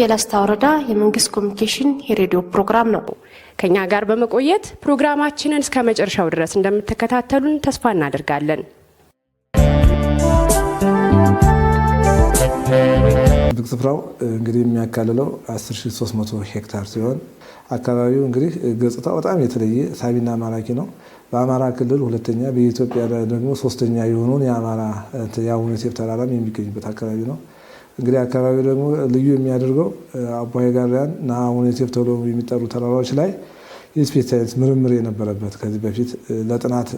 የላስታ ወረዳ የመንግስት ኮሚኒኬሽን የሬዲዮ ፕሮግራም ነው። ከኛ ጋር በመቆየት ፕሮግራማችንን እስከ መጨረሻው ድረስ እንደምትከታተሉን ተስፋ እናደርጋለን። ጥብቅ ስፍራው እንግዲህ የሚያካልለው 10300 ሄክታር ሲሆን አካባቢው እንግዲህ ገጽታው በጣም የተለየ ሳቢና ማራኪ ነው። በአማራ ክልል ሁለተኛ በኢትዮጵያ ደግሞ ሶስተኛ የሆነውን የአማራ የአቡነ ሴፍ ተራራም የሚገኝበት አካባቢ ነው። እንግዲህ አካባቢው ደግሞ ልዩ የሚያደርገው አቡሀይ ጋርያን ና አሁን ተብሎ የሚጠሩ ተራራዎች ላይ የስፔስ ሳይንስ ምርምር የነበረበት ከዚህ በፊት ለጥናት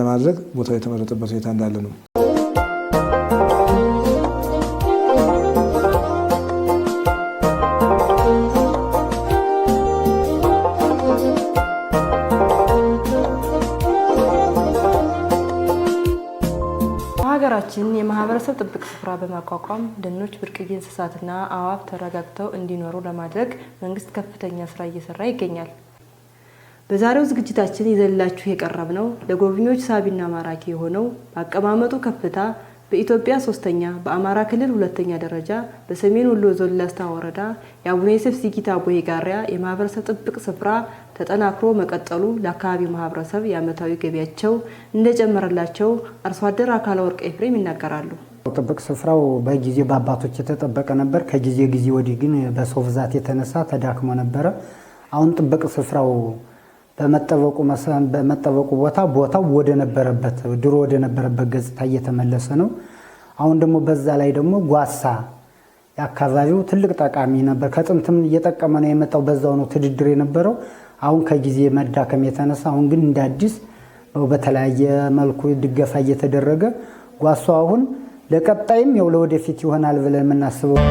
ለማድረግ ቦታው የተመረጠበት ሁኔታ እንዳለ ነው። ሀገራችን የማህበረሰብ ጥብቅ ስፍራ በማቋቋም ደኖች ብርቅዬ እንስሳትና አዋፍ ተረጋግተው እንዲኖሩ ለማድረግ መንግስት ከፍተኛ ስራ እየሰራ ይገኛል። በዛሬው ዝግጅታችን የቀረብ ነው። ለጎብኚዎች ሳቢና ማራኪ የሆነው በአቀማመጡ ከፍታ በኢትዮጵያ ሶስተኛ፣ በአማራ ክልል ሁለተኛ ደረጃ በሰሜን ወሎ ዞን ላስታ ወረዳ የአቡነ ዮሴፍ ሲጊት ጋሪያ የማህበረሰብ ጥብቅ ስፍራ ተጠናክሮ መቀጠሉ ለአካባቢው ማህበረሰብ የዓመታዊ ገቢያቸው እንደጨመረላቸው አርሶ አደር አካለ ወርቅ ኤፍሬም ይናገራሉ። ጥብቅ ስፍራው በጊዜ በአባቶች የተጠበቀ ነበር። ከጊዜ ጊዜ ወዲህ ግን በሰው ብዛት የተነሳ ተዳክሞ ነበረ። አሁን ጥብቅ ስፍራው በመጠበቁ በመጠበቁ ቦታ ቦታው ወደ ነበረበት ድሮ ወደ ነበረበት ገጽታ እየተመለሰ ነው። አሁን ደግሞ በዛ ላይ ደግሞ ጓሳ የአካባቢው ትልቅ ጠቃሚ ነበር። ከጥንትም እየጠቀመ ነው የመጣው። በዛው ነው ትድድር የነበረው። አሁን ከጊዜ መዳከም የተነሳ አሁን ግን እንደ አዲስ በተለያየ መልኩ ድገፋ እየተደረገ ጓሳው አሁን ለቀጣይም ያው ለወደፊት ይሆናል ብለን የምናስበው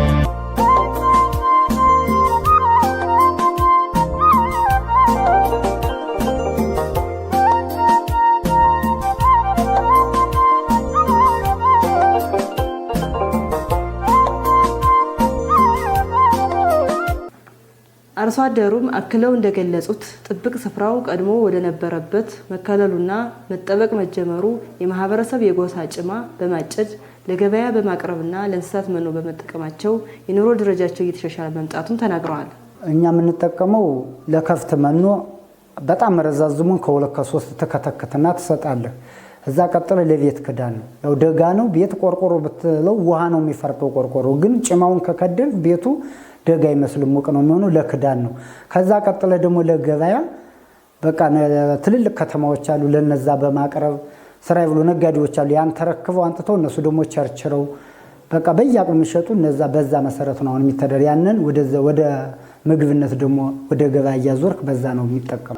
አርሶ አደሩም አክለው እንደገለጹት ጥብቅ ስፍራው ቀድሞ ወደ ነበረበት መከለሉና መጠበቅ መጀመሩ የማህበረሰብ የጎሳ ጭማ በማጨድ ለገበያ በማቅረብና ለእንስሳት መኖ በመጠቀማቸው የኑሮ ደረጃቸው እየተሻሻለ መምጣቱን ተናግረዋል። እኛ የምንጠቀመው ለከፍት መኖ በጣም ረዛዝሙን ከሁለት ከሶስት ትከተክትና ትሰጣለህ። እዛ ቀጥሎ ለቤት ክዳን ነው። ያው ደጋ ነው ቤት ቆርቆሮ ብትለው ውሃ ነው የሚፈርቀው ቆርቆሮ ግን ጭማውን ከከደል ቤቱ ደግ አይመስልም፣ ሙቅ ነው የሚሆኑ ለክዳን ነው። ከዛ ቀጥለ ደግሞ ለገበያ በቃ ትልልቅ ከተማዎች አሉ፣ ለነዛ በማቅረብ ስራ ብሎ ነጋዴዎች አሉ። ያን ተረክበው አንጥተው እነሱ ደግሞ ቸርችረው በቃ በየአቅም የሚሸጡ እነዛ በዛ መሰረት ነው አሁን የሚተደር ያንን ወደ ምግብነት ደግሞ ወደ ገበያ እያዞርክ በዛ ነው የሚጠቀሙ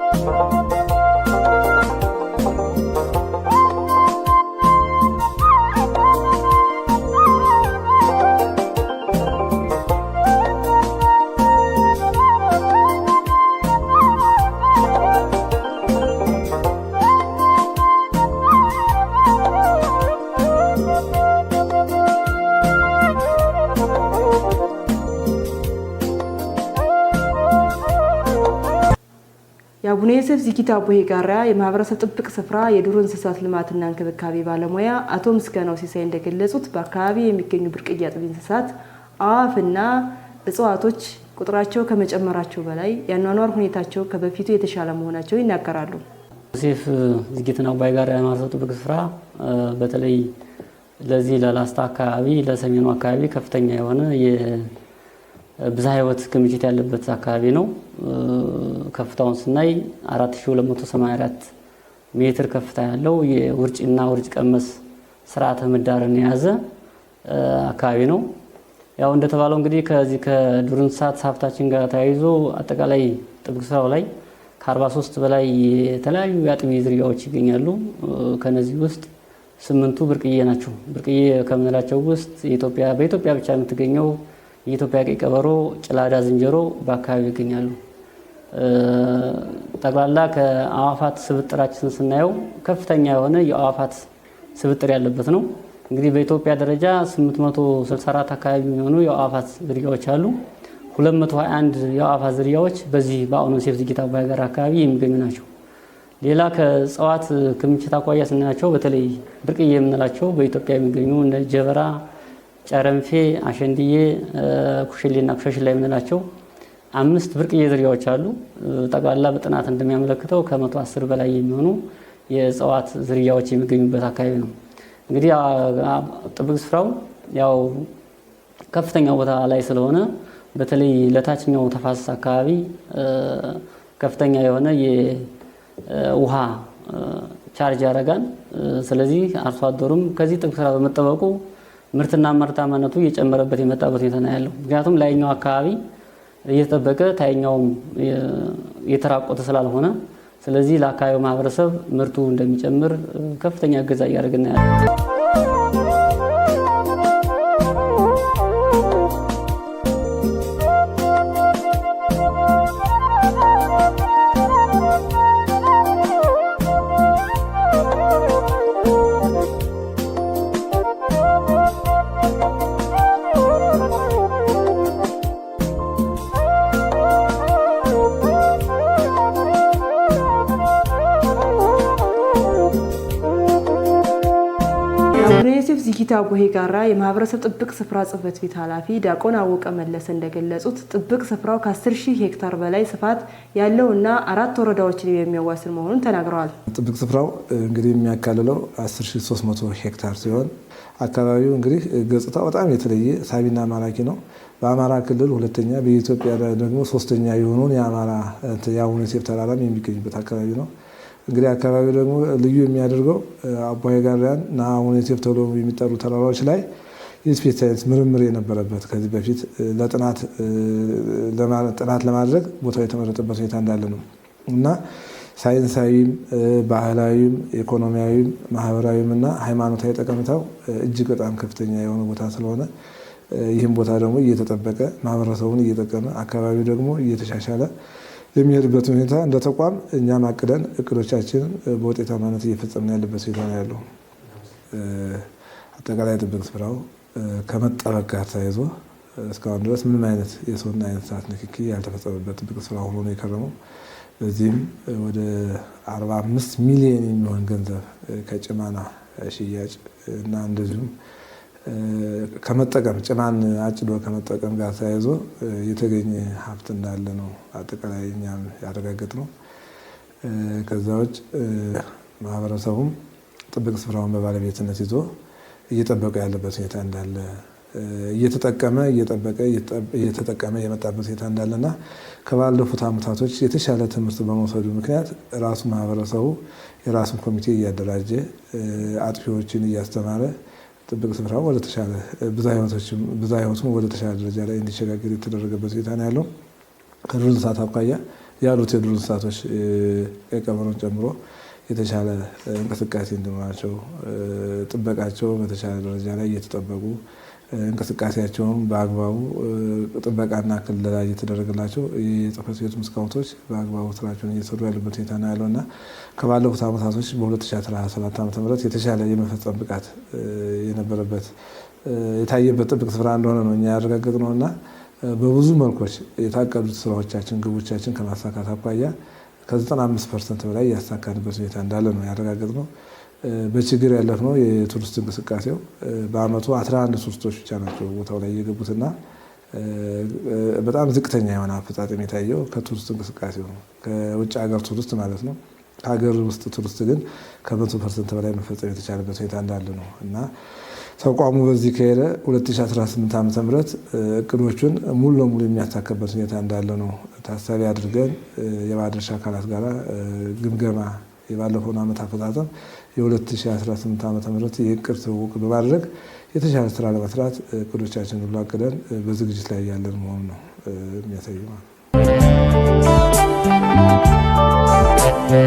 ከሁኔሴፍ ዚጊታ ቦሄ ጋራ የማህበረሰብ ጥብቅ ስፍራ የዱር እንስሳት ልማትና እንክብካቤ ባለሙያ አቶ ምስጋናው ሲሳይ እንደገለጹት በአካባቢ የሚገኙ ብርቅዬ አጥቢ እንስሳት አዋፍና እጽዋቶች ቁጥራቸው ከመጨመራቸው በላይ የአኗኗር ሁኔታቸው ከበፊቱ የተሻለ መሆናቸው ይናገራሉ። ሴፍ ዝጊትና አባይ ጋር የማህበረሰብ ጥብቅ ስፍራ በተለይ ለዚህ ለላስታ አካባቢ ለሰሜኑ አካባቢ ከፍተኛ የሆነ ብዝሃ ህይወት ክምችት ያለበት አካባቢ ነው። ከፍታውን ስናይ 4284 ሜትር ከፍታ ያለው የውርጭና ውርጭ ቀመስ ስርዓተ ምህዳርን የያዘ አካባቢ ነው። ያው እንደተባለው እንግዲህ ከዚህ ከዱር እንስሳት ሀብታችን ጋር ተያይዞ አጠቃላይ ጥብቅ ስራው ላይ ከ43 በላይ የተለያዩ የአጥቢ ዝርያዎች ይገኛሉ። ከነዚህ ውስጥ ስምንቱ ብርቅዬ ናቸው። ብርቅዬ ከምንላቸው ውስጥ በኢትዮጵያ ብቻ የምትገኘው የኢትዮጵያ ቀይ ቀበሮ፣ ጭላዳ ዝንጀሮ በአካባቢው ይገኛሉ። ጠቅላላ ከአእዋፋት ስብጥራችን ስናየው ከፍተኛ የሆነ የአዋፋት ስብጥር ያለበት ነው። እንግዲህ በኢትዮጵያ ደረጃ 864 አካባቢ የሚሆኑ የአእዋፋት ዝርያዎች አሉ። 221 የአዋፋት ዝርያዎች በዚህ በአሁኑ ሴፍ ዝጌታ አባይ ጋር አካባቢ የሚገኙ ናቸው። ሌላ ከእጽዋት ክምችት አኳያ ስናያቸው በተለይ ብርቅዬ የምንላቸው በኢትዮጵያ የሚገኙ እንደ ጀበራ ጨረንፌ፣ አሸንድዬ፣ ኩሽሌና ኩሻሽላ የምንላቸው አምስት ብርቅዬ ዝርያዎች አሉ። ጠቅላላ በጥናት እንደሚያመለክተው ከመቶ አስር በላይ የሚሆኑ የእጽዋት ዝርያዎች የሚገኙበት አካባቢ ነው። እንግዲህ ጥብቅ ስፍራው ያው ከፍተኛ ቦታ ላይ ስለሆነ በተለይ ለታችኛው ተፋሰስ አካባቢ ከፍተኛ የሆነ የውሃ ቻርጅ ያደርጋል። ስለዚህ አርሶ አደሩም ከዚህ ጥብቅ ስራ በመጠበቁ ምርትና ምርታማነቱ እየጨመረበት የመጣበት ሁኔታ ነው ያለው። ምክንያቱም ላይኛው አካባቢ እየተጠበቀ ታይኛውም የተራቆተ ስላልሆነ፣ ስለዚህ ለአካባቢው ማህበረሰብ ምርቱ እንደሚጨምር ከፍተኛ እገዛ እያደረግን ያለው ጎሄ ጋራ የማህበረሰብ ጥብቅ ስፍራ ጽህፈት ቤት ኃላፊ ዲያቆን አወቀ መለሰ እንደገለጹት ጥብቅ ስፍራው ከ10 ሺህ ሄክታር በላይ ስፋት ያለው እና አራት ወረዳዎችን የሚያዋስን መሆኑን ተናግረዋል። ጥብቅ ስፍራው እንግዲህ የሚያካልለው 10300 ሄክታር ሲሆን አካባቢው እንግዲህ ገጽታ በጣም የተለየ ሳቢና ማራኪ ነው። በአማራ ክልል ሁለተኛ በኢትዮጵያ ደግሞ ሶስተኛ የሆነውን የአማራ የአቡነ ሴብ ተራራም የሚገኝበት አካባቢ ነው። እንግዲህ አካባቢው ደግሞ ልዩ የሚያደርገው አቦሀይ ጋርያን ና አሁን ተብሎ የሚጠሩ ተራራዎች ላይ የስፔስ ሳይንስ ምርምር የነበረበት ከዚህ በፊት ጥናት ለማድረግ ቦታው የተመረጠበት ሁኔታ እንዳለ ነው እና ሳይንሳዊም፣ ባህላዊም፣ ኢኮኖሚያዊም፣ ማህበራዊም እና ሃይማኖታዊ ጠቀምታው እጅግ በጣም ከፍተኛ የሆነ ቦታ ስለሆነ ይህም ቦታ ደግሞ እየተጠበቀ ማህበረሰቡን እየጠቀመ አካባቢው ደግሞ እየተሻሻለ የሚሄድበት ሁኔታ እንደ ተቋም እኛም አቅደን እቅዶቻችንን በውጤታማነት እየፈጸምን ያለበት ሁኔታ ነው ያለው። አጠቃላይ ጥብቅ ስራው ከመጠበቅ ጋር ተያይዞ እስካሁን ድረስ ምንም አይነት የሰውና ሰዓት ንክኪ ያልተፈጸመበት ጥብቅ ስፍራ ሆኖ ነው የከረመው። በዚህም ወደ 45 ሚሊዮን የሚሆን ገንዘብ ከጭማና ሽያጭ እና እንደዚሁም ከመጠቀም ጭናን አጭዶ ከመጠቀም ጋር ተያይዞ የተገኘ ሀብት እንዳለ ነው አጠቃላይ እኛም ያረጋገጥ ነው። ከዛ ውጭ ማህበረሰቡም ጥብቅ ስፍራውን በባለቤትነት ይዞ እየጠበቀ ያለበት ሁኔታ እንዳለ እየተጠቀመ እየጠበቀ እየተጠቀመ የመጣበት ሁኔታ እንዳለና ከባለፉት አመታቶች የተሻለ ትምህርት በመውሰዱ ምክንያት ራሱ ማህበረሰቡ የራሱን ኮሚቴ እያደራጀ አጥፊዎችን እያስተማረ ጥብቅ ስፍራ ወደተሻለ ብዛ ወደ ወደተሻለ ደረጃ ላይ እንዲሸጋገር የተደረገበት ሁኔታ ነው ያለው። ከዱር እንስሳት አኳያ ያሉት የዱር እንስሳቶች ቀበሮን ጨምሮ የተሻለ እንቅስቃሴ እንዲኖራቸው ጥበቃቸው በተሻለ ደረጃ ላይ እየተጠበቁ እንቅስቃሴያቸውም በአግባቡ ጥበቃና ክልላ እየተደረገላቸው የጽሕፈት ቤቱ ስካውቶች በአግባቡ ስራቸውን እየሰሩ ያሉበት ሁኔታ ነው ያለው እና ከባለፉት ዓመታቶች በ2017 ዓ ም የተሻለ የመፈጸም ብቃት የነበረበት የታየበት ጥብቅ ስፍራ እንደሆነ ነው እኛ ያረጋገጥ ነው እና በብዙ መልኮች የታቀዱት ስራዎቻችን ግቦቻችን ከማሳካት አኳያ ከ95 ፐርሰንት በላይ ያሳካንበት ሁኔታ እንዳለ ነው ያረጋገጥ ነው። በችግር ያለፍነው የቱሪስት እንቅስቃሴው በአመቱ 11 ቱሪስቶች ብቻ ናቸው ቦታው ላይ የገቡትና በጣም ዝቅተኛ የሆነ አፈጻጸም የታየው ከቱሪስት እንቅስቃሴው ነው፣ ከውጭ ሀገር ቱሪስት ማለት ነው። ከሀገር ውስጥ ቱሪስት ግን ከመቶ ፐርሰንት በላይ መፈጸም የተቻለበት ሁኔታ እንዳለ ነው እና ተቋሙ በዚህ ከሄደ 2018 ዓ ም እቅዶቹን ሙሉ ለሙሉ የሚያሳካበት ሁኔታ እንዳለ ነው ታሳቢ አድርገን የባለድርሻ አካላት ጋር ግምገማ የባለፈውን ዓመት አፈጻጸም የ2018 ዓ ም የእቅድ ትውውቅ በማድረግ የተሻለ ስራ ለመስራት እቅዶቻችን ሁሉ አቅደን በዝግጅት ላይ ያለን መሆኑ ነው የሚያሳይ ማለት ነው። you.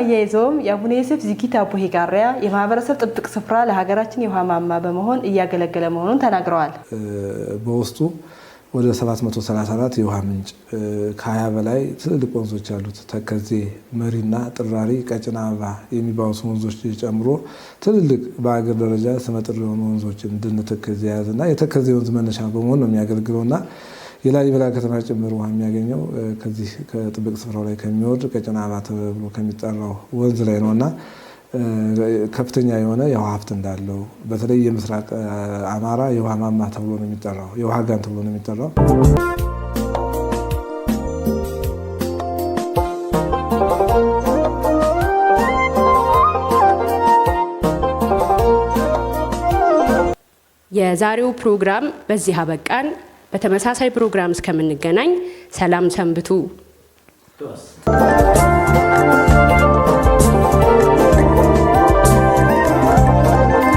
አያይዘውም የአቡነዮሴፍ ዚጊት አቡሄ ቃሪያ የማህበረሰብ ጥብቅ ስፍራ ለሀገራችን የውሃ ማማ በመሆን እያገለገለ መሆኑን ተናግረዋል። በውስጡ ወደ 734 የውሃ ምንጭ ከ20 በላይ ትልልቅ ወንዞች ያሉት ተከዜ፣ መሪና፣ ጥራሪ፣ ቀጭን አበባ የሚባሉት ወንዞች ጨምሮ ትልልቅ በአገር ደረጃ ስመጥር የሆኑ ወንዞችን እንድንተከዜ የያዘና የተከዜ ወንዝ መነሻ በመሆን ነው የሚያገለግለውና የላሊበላ ከተማ ጭምር ውሃ የሚያገኘው ከዚህ ከጥብቅ ስፍራው ላይ ከሚወርድ ቀጭን አባ ተብሎ ከሚጠራው ወንዝ ላይ ነው እና ከፍተኛ የሆነ የውሃ ሀብት እንዳለው በተለይ የምስራቅ አማራ የውሃ ማማ ተብሎ ነው የሚጠራው፣ የውሃ ጋን ተብሎ ነው የሚጠራው። የዛሬው ፕሮግራም በዚህ አበቃን። በተመሳሳይ ፕሮግራም እስከምንገናኝ ሰላም ሰንብቱ።